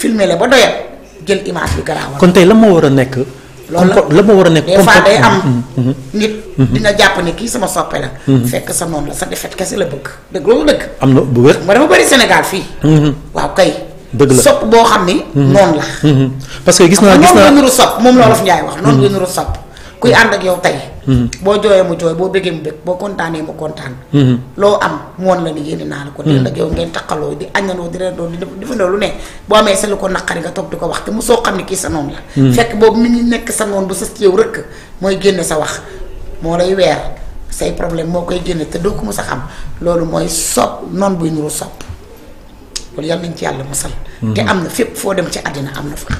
filmer la ba doyal jël image bi garaawal. kon tey la moo war a nekk. loolu la ma war a nekk des fois day am. Mm-hmm, mm-hmm. nit mm-hmm. dina jàpp ne kii sama soppe la. fekk sa noonu la sa defet kese la bëgg. dëgg loolu dëgg. am na bu wér. ma dafa bëri Sénégal fii. waaw kay. dëgg la sopp boo xam ni. noonu la. parce que gis naa gis naa noonu la nuru sopp moom la Wolof Njaay wax noonu la nuru sopp. kuy mm-hmm. ànd ak yow tey. Mm-hmm. boo jooyee mu jooy boo bëggee mu bëgg boo kontaanee mu kontaan. Mm-hmm. loo am mu woon la ni yéene naa la ko. dégg ak yow ngeen taqaloo di aññanoo di reeroo di defandoo lu ne boo amee sa lu ko naqari nga toog di ko wax te mu soo xam ne kii sa noon la. fekk boobu mi nekk sa noon bu sës ci yow rëkk mooy génn sa wax moo lay weer say problème moo koy génne te doo ko mës a xam loolu mooy sopp noon buy nuru sopp loolu yàlla nañ ci yàlla musal. te am na fépp foo dem ci àddina am na fa.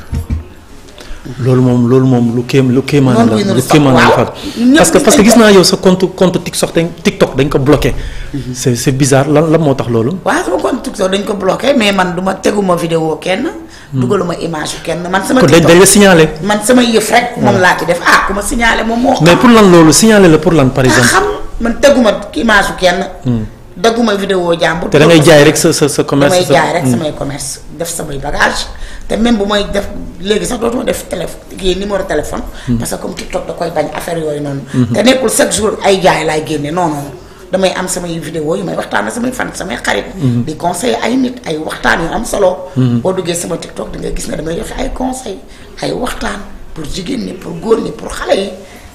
loolu moom loolu moom lu kéem lu kéemaan la lu kéemaan la fat parce que parce que gis naa yow sa compte compte TikTok dañ TikTok dañ ko bloqué. Mhm. c'est c'est bizarre lan lan moo tax loolu. waaw sama compte TikTok dañ ko bloqué mais man du ma teguma vidéo kenn. Hmm. dugaluma image kenn man sama. TikTok dañ la signalé. man sama yëf rek. Hmm. moom laa ci def ah ku ma signalé moom moo. mais pour lan loolu signalé la pour lan par ah, exemple. xam man teguma image kenn. Hmm. dagguma vidéo jàmbur. te da ngay jaay rek sa sa sa commerce. damay jaay rek mm. samay commerce def samay bagage te même bu mooy def léegi sax dootuma def téléphone kii numéro téléphone. Mm. parce que comme TikTok da koy bañ affaire yooyu noonu. Mm-hmm. nekkul chaque jour ay jaay laay génne non non damay am samay vidéo yu waxtaan ak samay fan samay xarit. Mm-hmm. di conseil ay nit ay waxtaan am solo. Mm-hmm. boo duggee sama TikTok di nga gis na damay joxe ay conseil ay waxtaan pour jigéen ñi pour góor ñi pour xale yi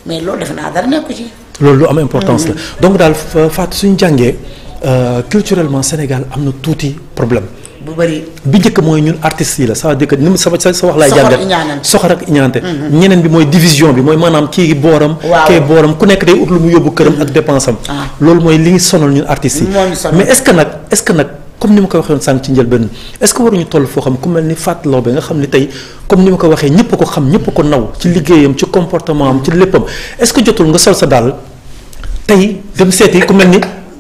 mais loolu def naa dara nekku ci. loolu lu am importance la donc daal Fatou suñu jàngee. Euh, culturellement Sénégal am na tuuti problème. bu bëri bi njëkk mooy ñun artistes yi la sa sa wax laay jàngal soxor ak iñaante mm-hmm. ñeneen bi mooy division bi mooy maanaam kii booram kee booram ku nekk day ut lu mu yóbbu këram ak mm-hmm. dépense am ah. loolu mooy li ngi sonal ñun artistes yi mais est-ce que nag est-ce que nag comme ni ma ko waxee woon sànq ci njëlbeen est-ce waruñu toll foo xam ku mel ni Fatou Laobé nga xam ni tey comme ni ma ko waxee ñëpp a ko xam ñëpp ko naw ci liggéeyam ci comportement am ci léppam est nga sol sa daal tey dem seeti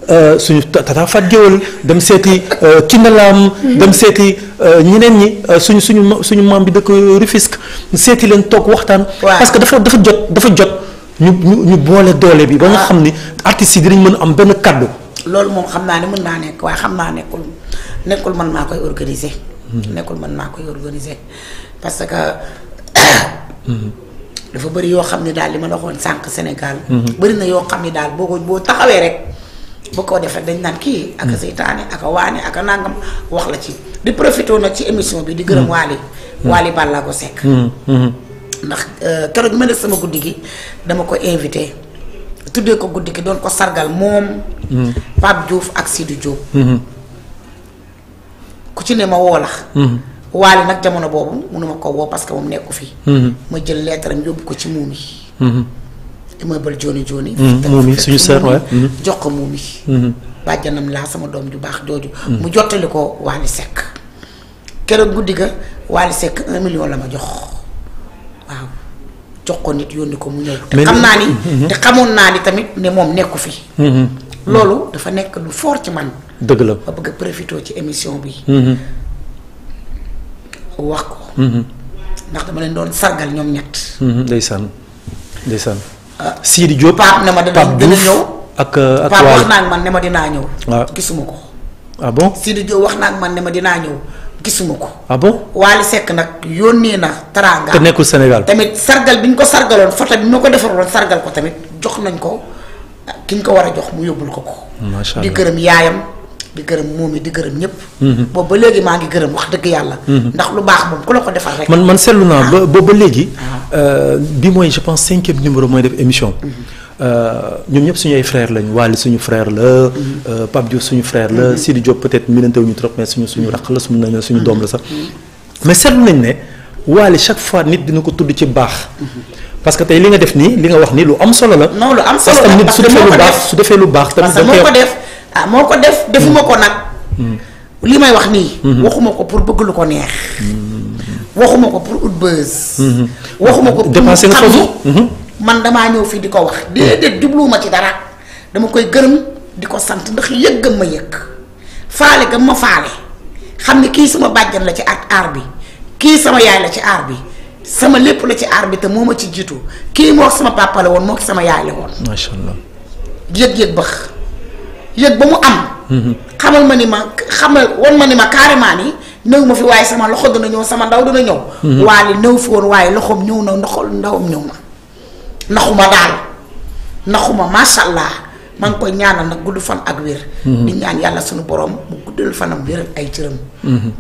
Euh, suñu tata Fat Géwël dem seeti euh, Kindalaam dem seeti euh, ñeneen ñi suñu suñu suñu maam bi dëkk Rufisque seeti leen toog waxtaan. parce que dafa dafa jot dafa jot ñu ñu ñu boole doole bi. ba nga ah. xam ni artistes yi dinañ mën am benn kàddu. loolu moom xam naa ne mën naa nekk waaye xam naa nekkul nekkul man maa koy organiser. Mhm. nekkul man maa koy organiser parce que. Mhm. dafa bëri yoo xam ne daal li ma la waxoon sànq Sénégal. Mhm. bëri na yoo xam ni daal boo ko boo taxawee rek. bu ko defee dañ naan kii. ak a hmm. seytaane ak a waane ak a nangam wax la ci di profité nag ci émission bi. di gërëm Waly. laa ko sekk ndax euh, keroog ma nekk sama guddi gi dama ko invité. tuddee ko guddi gi doon ko sargal moom. Hmm. Pape Diouf ak siidu Diop. Hmm. ku ci ne ma woo la. Waly nag jamono boobu mënuma ko woo parce que moom nekku fii ma jël lettre am yóbbu ko ci muum yi. immeuble Joni Joni. moom suñu sœur mm-hmm. jox ko moom mm-hmm. yi. sama doom ju baax jooju. Mm-hmm. mu jottali ko Waly Seck. keroog guddi ga Waly Seck un million la ma nit yónni ko mu ñëw. te naa ni te naa ni tamit moom nekku fi. loolu dafa nekk lu foor ci man. dëgg la ma bëgg a ci émission bi. wax ko. ndax dama leen doon sargal ñoom ñett. ndeysaan ndeysaan. Ah, Sidi Diop Pape ne ma dina dina ñëw. ak euh, ak Pape wax naa ak man ne ma dinaa ñëw. waaw ah. gisuma ko. ah bon Sidi Diop wax naa man ne ma dinaa ñëw gisuma ko. ah bon sekk Seck nag yónnee na teraanga. te nekkul Sénégal. tamit sargal bi ñu ko sargaloon photo bi ñu ko defaroon sargal ko tamit jox nañ ko ah, ki ñu ko war a jox mu yóbbul ko ko. macha allah yaayam. di gërëm moom di gërëm ñëpp. Mhm. boobu ba léegi maa ngi gërëm wax dëgg yàlla. Mhm. ndax lu baax moom ku la ko defal rek. man man seetlu naa ba ba léegi. Ah. Euh, bi mooy je pense cinquième numéro mooy def émission. Mhm. Euh, ñoom ñëpp suñu ay frère lañ Waly suñu frère la. Euh, Pape Diouf suñu frère la. Sidi Diop peut-être miinante wu ñu trop mais suñu suñu rakk la nañ suñu doom la sax. mais seetlu nañ ne Waly chaque fois nit dina ko tudd ci baax. parce que tey li nga def nii li nga wax nii lu am solo la. non nit su defee lu baax su defee lu baax. tamit da nga koy ah moo ko def defuma ko nag hmm. li may wax nii hmm. waxuma ko pour bëgg lu ko neex hmm. waxuma ko pour ut buzz waxuma ko pour mu xam man damaa ñëw fii di ko wax déedéet jubluwuma ci dara dama koy gërëm di ko sant ndax yëggam ma yëgg faale gëm ma faale xam ne kii sama bàjjan la ci ak aar bi kii sama yaay la ci aar bi sama lépp la ci ar bi te moom ma ci jiitu kii moo sama papa woon moo sama yaay la woon yëg-yëg bëx yëg ba mu am. Mm-hmm. xamal ma ni ma xamal won ma ni ma carrément ni néew ma fi waaye sama loxo dana ñëw sama ndaw dana ñëw. Mm-hmm. waale néew fi woon waaye loxoom ñëw na ndoxol ndawam ñëw na. naxuma daal ndaxuma macha allah maa ngi koy ñaanal nag gudd fan ak wér. Mm-hmm. yàlla suñu borom mu guddal fanam wér ak ay cëram.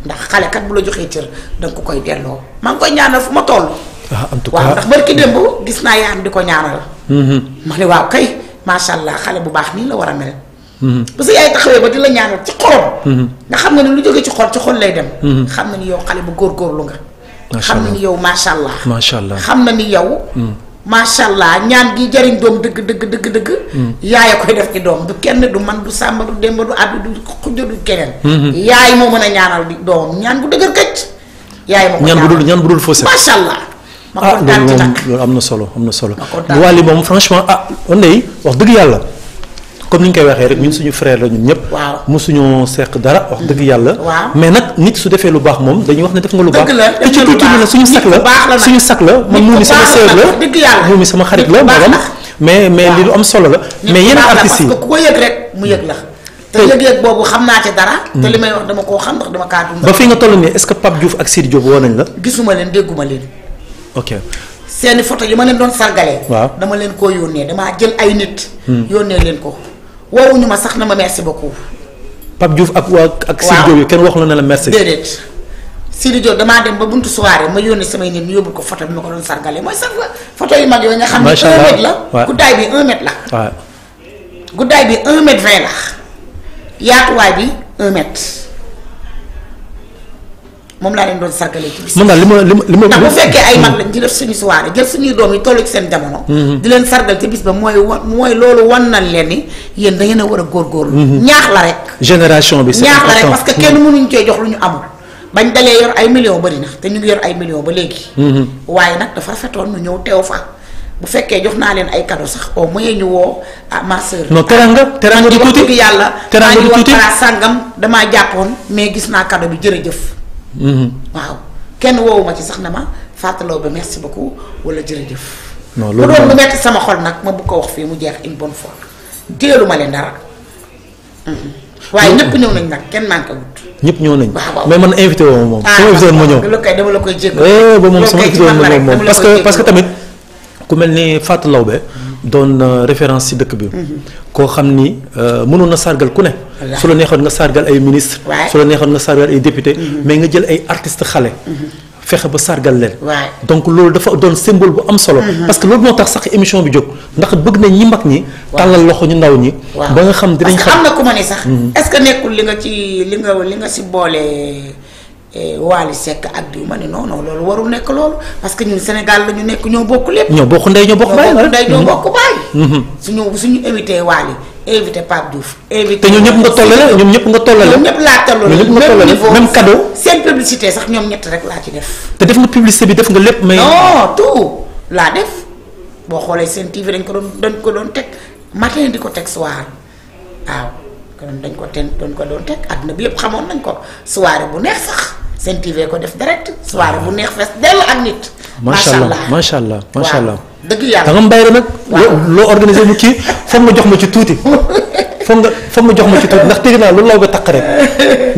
ndax xale bu la joxee cër da nga koy delloo maa ngi koy ñaanal fu ma toll. ah gis naa yaayam di ko ñaanal. ma ne waaw kay macha allah xale bu baax nii la war a mel. parce que yaay taxawee ba di la ñaanal ci xorom. Mm-hmm. nga xam nga ni lu jógee ci xol ci xol lay dem. Mm-hmm. xam na ni yow xale bu góorgóorlu nga. macha allah xam na ni yow mm. macha allah. macha allah xam na ni yow. macha allah ñaan gi jariñ doom dëgg dëgg dëgg dëgg. Mm. yaay a koy def ci doom du kenn du man du sàmba du demba du àddu du xujja du keneen. Mm-hmm. yaay moo mën a ñaanal di doomam ñaan bu dëgër këcc. yaay ma ko ñaan bu dul ñaan bu dul fausse. macha allah. ma ah, kontaan ci nag ah loolu moom loolu am na solo am na solo. ma kontaan Wally moom franchement ah on wax dëgg yàlla. comme ni ñu koy waxee rek ñun suñu frère la ñun ñëpp. waaw mosuñu seq wax dëgg mm-hmm. yàlla. waaw mais nag nit su defee lu baax moom dañuy wax ne def nga lu baax. te ci tuuti la suñu sac la la man muumi sama sœur la muumi sama xarit la magam mais mais li lu am solo la. mais yeneen artistes yi parce que ko yëg rek mu yëg la. te yëg-yëg boobu xam naa ci dara. te li hmm. may wax dama koo xam ndax dama kaa dund. ba fi nga toll nii est-ce que Pape Diouf ak Sidi Diop woo nañ la. gisuma leen dégguma leen. ok seeni foto yi ma leen doon sargalee. waaw dama leen koo yónnee damaa jël ay nit. Hmm. yónnee leen ko. woowuñu ma sax na ma merci beaucoup. Pape Diouf ak waa ak. Sidi Diop yi kenn wax la ne la merci. déedéet Sidi Diop damaa dem ba buntu soirée ma yónni samay nit ñu yóbbul ko foto bi ma ko doon sargale mooy sax photo yu mag yooyu nga xam ne. macha la guddaay bi 1 mètre la. waaw guddaay bi 1 mètre 20 yaatuwaay bi 1 moom laa leen doon sargalee ci bis. man daal li ma li ma li ma. ndax bu fekkee ay mm. mag lañ di def suñu soirée jël suñuy doom yi toll ci seen jamono. Mm-hmm. di leen sargal ci bis ba mooy wa mooy loolu wan na leen ni yéen da ngeen a war a góorgóorlu. Mm-hmm. ñaax la rek. génération bi c'est important ñaax la rek parce que kenn mm-hmm. mënuñ cee jox lu ñu amul. bañ dalee yor ay millions bari na te ñu ngi yor ay millions ba léegi. waaye nag dafa rafetoon nu ñëw teew fa. bu fekkee jox naa leen ay cadeau sax au moins ñu woo ah ma sœur. non teranga teranga du tuuti yàlla. teranga du tuuti maa ngi wax sàngam damaa jàppoon mais gis naa cadeau bi jërëjëf Mhm. waaw kenn woowu ma ci sax na ma fàttaloo ba merci beaucoup wala jërëjëf. non loolu doon lu metti sama xol nag ma bu ko wax fii mu jeex une bonne fois téelu ma leen dara. Mhm. waaye ñëpp ñëw nañ nag kenn manqué wut. ñëpp ñëw nañ mais man invité woo moom. Ah, sama ma ñëw ah dama la koy jégalu. loolu eh, kay ci man la rek dama parce que parce que tamit ku mel ni Fatou Laobé doon euh, référence ci dëkk bi. Mhm. koo xam ni euh, mënoon na sargal ku ne. su la neexoon nga sargal ay ministre su la neexoon nga sargal ay député mhm. mais nga jël ay artiste xale. Mhm. fexe ba sargal leen. donc loolu dafa doon symbole bu am solo. parce que loolu moo tax sax émission bi jóg ndax bëgg nañ ñi mag ñi. tàllal loxo ñu ndaw ñi. ba nga xam dinañ xam parce que am na ku ma ne sax. est nekkul li nga ci li nga li nga ci boole. Eh, Waly Seck ak ma ne non non loolu warul nekk loolu parce que ñun Sénégal la ñu nekk ñoo bokk lépp. ñoo bokk ndey ñoo bokk baay ñoo bokk ndey ñoo mm-hmm. bokk baay. Mm-hmm. suñu suñu éviter Waly éviter Pape Diouf. éviter te ñoom ñëpp nga tollale ñoom ñëpp nga tollale. ñoom ñëpp laa tollale ñoom ñëpp nga tollale même cadeau. seen publicité sax ñoom ñett rek laa ci def. te def nga publicité bi def nga lépp. mais non tout laa def boo xoolee seen TV dañ ko doon dañ ko doon teg matin di ko teg soir waaw. kon dañ ko ten dañ ko doon teg àdduna bi yëpp xamoon nañ ko soirée bu neex sax seen TV ko def direct soirée bu neex fees dellu ak nit. macha allah macha allah macha allah dëgg yàlla da nga mbay nag. loo organisé mu kii foog nga jox ma ci tuuti. foog nga foog nga jox ma ci tuuti ndax dégg naa lu law ba taq rek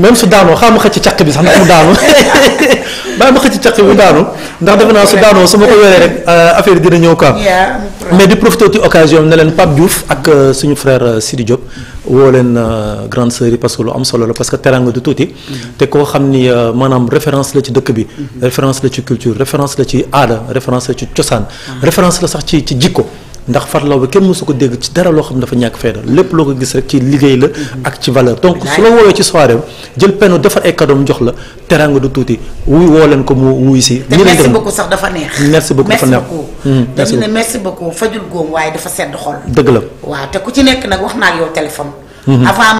même su daanoo xaar ma xëcc caq bi sax ndax mu daanu bàyyi ma xëcc caq bi mu daanu ndax defe naa su daanoo su ma ko yoree rek euh, affaire dina ñëw quoi mais di profité ci occasion ne leen Pape Diouf ak euh, suñu frère euh, Sidi Diop woo leen grande sœur yi parce que lu am solo la parce que teranga du tuuti mm-hmm. te koo xam ni maanaam référence la ci dëkk bi mm-hmm. référence la ci culture référence la ci aada référence la ci cosaan mm-hmm. référence la sax ci ci jikko ndax farlaw bi kenn mësu ko dégg ci dara loo xam dafa ñàkk fayda lépp loo ko gis rek ci liggéey la ak ci valeur donc su la woowee ci soirée jël penn defar ay cadeau jox la te teraanga du tuuti wuy woo leen ko mu wuy si te merci beaucoup sax dafa neex merci beaucoup dafa neex hmm, dañu ne merci beaucoup fajul góom waaye dafa sedd xol dëgg la waaw te ku ci nekk nag wax naa ak yow téléphone hmm, hmm. avant